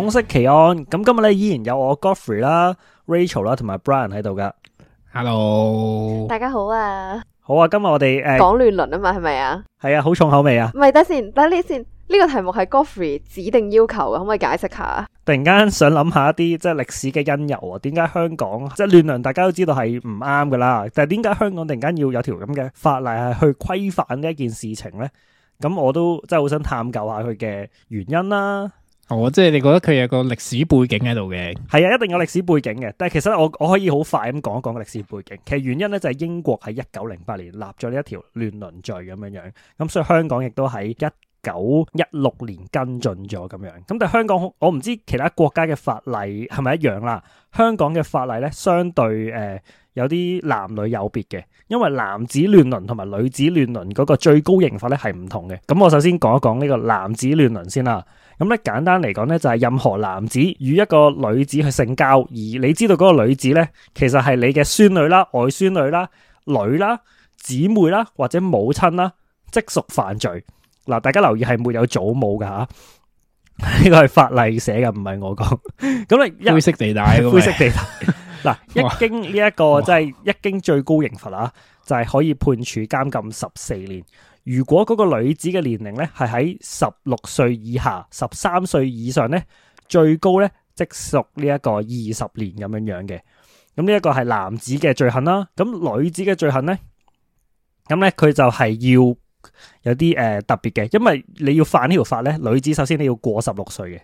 港識奇案，咁今日咧依然有我 Godfrey 啦、Rachel 啦同埋 Brian 喺度噶。Hello，大家好啊。好啊，今日我哋講亂倫啊嘛，係咪啊？係啊，好重口味啊。唔係，等陣先，等陣先。呢個題目係 Godfrey 指定要求嘅，可唔可以解釋下？突然間想諗下一啲即係歷史嘅因由啊？點解香港即係亂倫？大家都知道係唔啱噶啦，但係點解香港突然間要有條咁嘅法例係去規範呢一件事情咧？咁我都真係好想探究下佢嘅原因啦。哦，即係你覺得佢有個歷史背景喺度嘅？係啊，一定有歷史背景嘅。但係其實我我可以好快咁講一講個歷史背景。其實原因咧就係英國喺一九零八年立咗呢一條亂倫罪咁樣樣，咁所以香港亦都喺一。九一六年跟進咗咁樣，咁但係香港我唔知其他國家嘅法例係咪一樣啦。香港嘅法例咧，相對誒有啲男女有別嘅，因為男子亂倫同埋女子亂倫嗰個最高刑法咧係唔同嘅。咁我首先講一講呢個男子亂倫先啦。咁咧簡單嚟講咧就係任何男子與一個女子去性交，而你知道嗰個女子咧其實係你嘅孫女啦、外孫女啦、女啦、姊妹啦或者母親啦，即屬犯罪。嗱，大家留意係沒有祖母噶吓，呢個係法例寫嘅，唔係我講。咁咧灰色地帶， 灰色地帶。嗱， 一經呢、這、一個即係 一經最高刑罰啊，就係、是、可以判處監禁十四年。如果嗰個女子嘅年齡咧係喺十六歲以下、十三歲以上咧，最高咧即屬呢一個二十年咁樣樣嘅。咁呢一個係男子嘅罪行啦，咁女子嘅罪行咧，咁咧佢就係要。有啲誒、呃、特別嘅，因為你要犯呢條法咧，女子首先你要過十六歲嘅，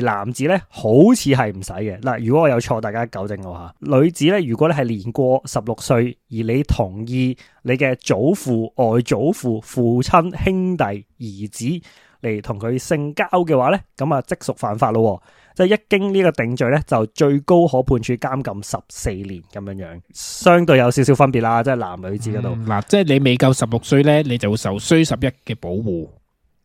而男子咧好似係唔使嘅。嗱，如果我有錯，大家糾正我吓。女子咧，如果咧係年過十六歲，而你同意你嘅祖父、外祖父、父親、兄弟、兒子嚟同佢性交嘅話咧，咁啊即屬犯法咯。一經呢個定罪咧，就最高可判處監禁十四年咁樣樣，相對有少少分別啦，即係男女子嗰度。嗱、嗯，即係你未夠十六歲咧，你就會受衰十一嘅保護，唉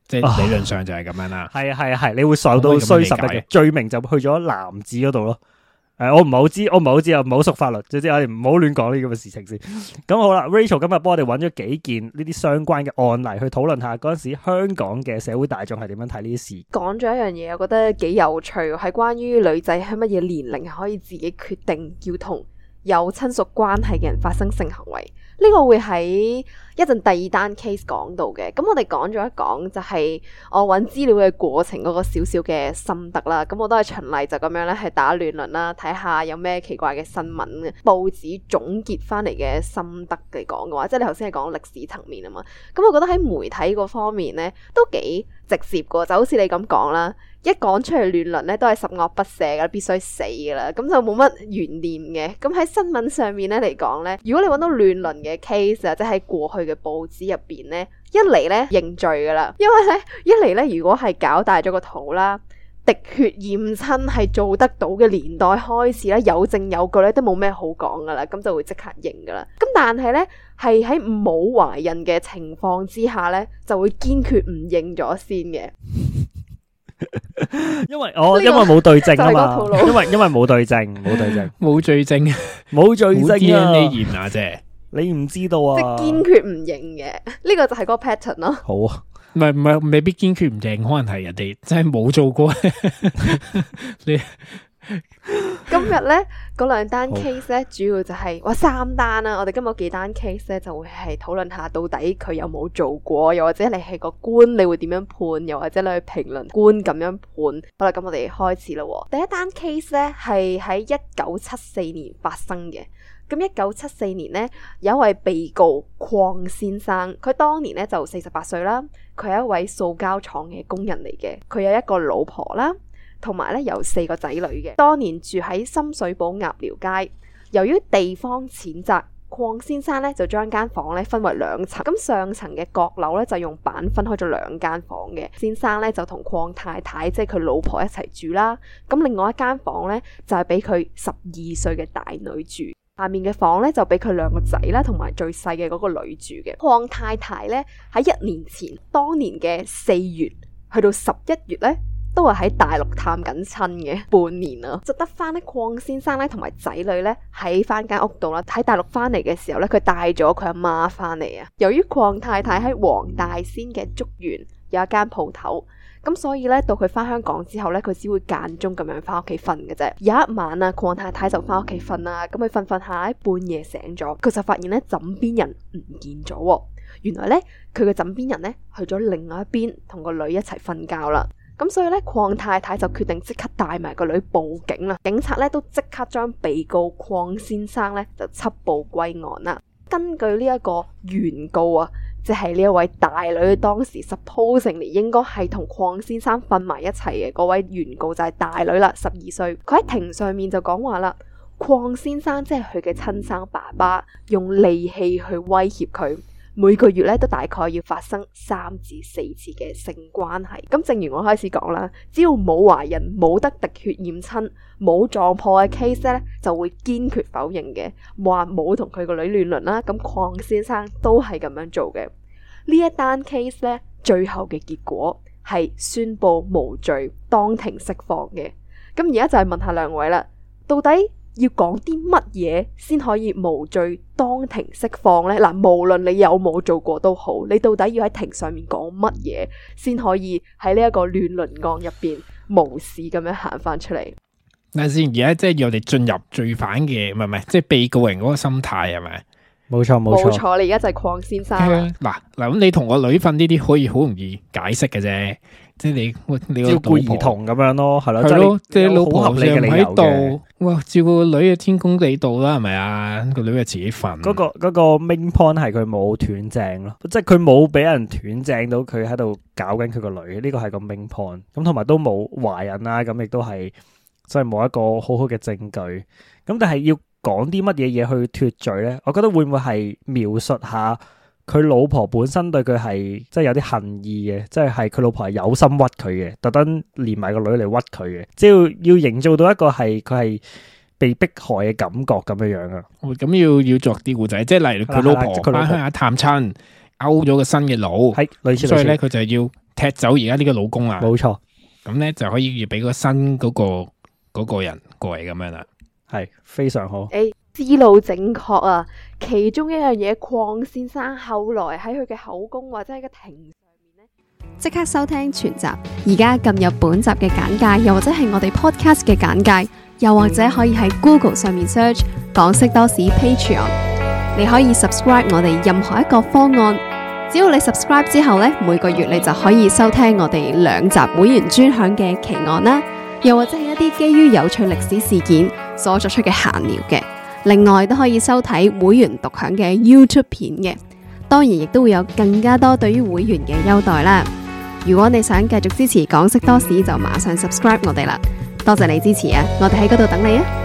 即係理論上就係咁樣啦。係啊係啊係，你會受到衰十一嘅罪名就去咗男子嗰度咯。誒、呃，我唔係好知，我唔係好知啊，唔係好熟法律，總之我哋唔好亂講呢啲咁嘅事情先。咁 好啦，Rachel 今日幫我哋揾咗幾件呢啲相關嘅案例去討論下嗰陣時香港嘅社會大眾係點樣睇呢啲事。講咗一樣嘢，我覺得幾有趣，係關於女仔喺乜嘢年齡可以自己決定要同有親屬關係嘅人發生性行為。呢個會喺一陣第二單 case 講到嘅，咁我哋講咗一講就係我揾資料嘅過程嗰個小小嘅心得啦。咁我都係循例就咁樣咧，係打亂倫啦，睇下有咩奇怪嘅新聞嘅報紙總結翻嚟嘅心得嚟講嘅話，即係你頭先係講歷史層面啊嘛。咁我覺得喺媒體嗰方面咧，都幾。直接過就好似你咁講啦，一講出嚟亂倫咧都係十惡不赦嘅，必須死嘅啦，咁就冇乜懸念嘅。咁喺新聞上面咧嚟講咧，如果你揾到亂倫嘅 case 啊，即係喺過去嘅報紙入邊咧，一嚟咧認罪嘅啦，因為咧一嚟咧如果係搞大咗個肚啦。滴血驗親係做得到嘅年代開始咧，有證有據咧都冇咩好講噶啦，咁就會即刻認噶啦。咁但係咧係喺冇懷孕嘅情況之下咧，就會堅決唔認咗先嘅。 因為我因為冇對證啦，這個就是， 因為因為冇對證，冇對證，冇 罪證，冇罪證 罪啊！你言啊姐，你唔知道啊？即係堅決唔認嘅，呢個就係嗰個 pattern 咯。 好啊。唔係唔係，未必堅決唔定，可能係人哋真係冇做過。你今日咧嗰兩單 case 咧，主要就係哇三單啦。我哋今日幾單 case 咧，就會係討論下到底佢有冇做過，又或者你係個官，你會點樣判？又或者你去評論官咁樣判？好啦，咁我哋開始咯。第一單 case 咧係喺一九七四年發生嘅。咁一九七四年呢，有一位被告鄺先生，佢當年呢就四十八歲啦。佢係一位塑膠廠嘅工人嚟嘅，佢有一個老婆啦，同埋咧有四個仔女嘅。當年住喺深水埗鴨寮街，由於地方淺窄，鄺先生咧就將間房咧分為兩層。咁上層嘅閣樓咧就用板分開咗兩間房嘅。先生咧就同鄺太太，即係佢老婆一齊住啦。咁另外一間房咧就係俾佢十二歲嘅大女住。下面嘅房咧就俾佢兩個仔啦，同埋最細嘅嗰個女住嘅。鄺太太咧喺一年前，當年嘅四月去到十一月咧，都係喺大陸探緊親嘅半年啊，就得翻咧鄺先生咧同埋仔女咧喺翻間屋度啦。喺大陸翻嚟嘅時候咧，佢帶咗佢阿媽翻嚟啊。由於鄺太太喺黃大仙嘅竹園有一間鋪頭咁所以咧，到佢翻香港之後咧，佢只會間中咁樣翻屋企瞓嘅啫。有一晚啊，鄺太太就翻屋企瞓啦，咁佢瞓瞓下，半夜醒咗，佢就發現咧枕邊人唔見咗。原來咧，佢嘅枕邊人咧去咗另外一邊，同個女一齊瞓覺啦。咁所以咧，鄺太太就決定即刻帶埋個女報警啦。警察咧都即刻將被告鄺先生咧就緝捕歸案啦。根據呢一個原告啊。即係呢一位大女，當時 supposing，應該係同鄺先生瞓埋一齊嘅。嗰位原告就係大女啦，十二歲。佢喺庭上面就講話啦，鄺先生即係佢嘅親生爸爸，用利器去威脅佢。每個月咧都大概要發生三至四次嘅性關係。咁正如我開始講啦，只要冇懷孕、冇得滴血驗親、冇撞破嘅 case 咧，就會堅決否認嘅，話冇同佢個女亂倫啦。咁鄺先生都係咁樣做嘅。呢一單 case 咧，最後嘅結果係宣佈無罪、當庭釋放嘅。咁而家就係問下兩位啦，到底？要講啲乜嘢，先可以無罪當庭釋放咧？嗱，無論你有冇做過都好，你到底要喺庭上面講乜嘢，先可以喺呢一個亂倫案入邊無事咁樣行翻出嚟？但下先，而家即係要我哋進入罪犯嘅，唔係唔係，即係被告人嗰個心態係咪？是冇錯冇錯，你而家就係鄺先生嗱嗱咁，你同個女瞓，呢啲可以好容易解釋嘅啫，即係你，你照顧兒童咁樣咯，係咯係咯，即係老婆唔喺度，哇，照顧個女嘅天公地道啦，係咪啊？個女咪自己瞓。嗰個嗰個 main point 係佢冇斷正咯，即係佢冇俾人斷正到，佢喺度搞緊佢個女，呢個係個 main point。咁同埋都冇懷孕啦，咁亦都係即係冇一個好好嘅證據。咁但係要。講啲乜嘢嘢去脫罪咧？我覺得會唔會係描述下佢老婆本身對佢係即係有啲恨意嘅，即係係佢老婆係有心屈佢嘅，特登連埋個女嚟屈佢嘅，即係要要營造到一個係佢係被迫害嘅感覺咁樣樣啊！咁要要作啲故仔，即係例如佢老婆翻鄉下探親，勾咗個新嘅佬，類似，所以咧佢就係要踢走而家呢個老公啊。冇錯，咁咧就可以預備個新嗰個嗰個人過嚟咁樣啦。係非常好，誒、哎，思路正確啊！其中一樣嘢，鄺先生後來喺佢嘅口供或者喺個庭上面呢，即刻收聽全集。而家撳入本集嘅簡介，又或者係我哋 podcast 嘅簡介，又或者可以喺 Google 上面 search 港識多史 Patreon。你可以 subscribe 我哋任何一個方案，只要你 subscribe 之後呢，每個月你就可以收聽我哋兩集會員專享嘅奇案啦，又或者係一啲基於有趣歷史事件所作出嘅閒聊嘅，另外都可以收睇會員獨享嘅 YouTube 片嘅，當然亦都會有更加多對於會員嘅優待啦。如果你想繼續支持港識多史，就馬上 subscribe 我哋啦，多謝你支持啊！我哋喺嗰度等你啊！